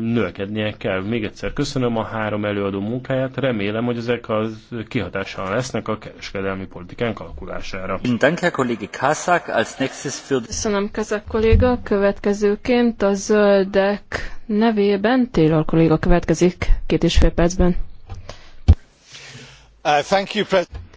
növekednie kell. Még egyszer köszönöm a három előadó munkáját, remélem, hogy ezek az kihatással lesznek a kereskedelmi politikánk alakulására. Köszönöm, Kazak kolléga. Következőként a zöldek nevében Taylor kolléga következik két és fél percben. Uh, thank you,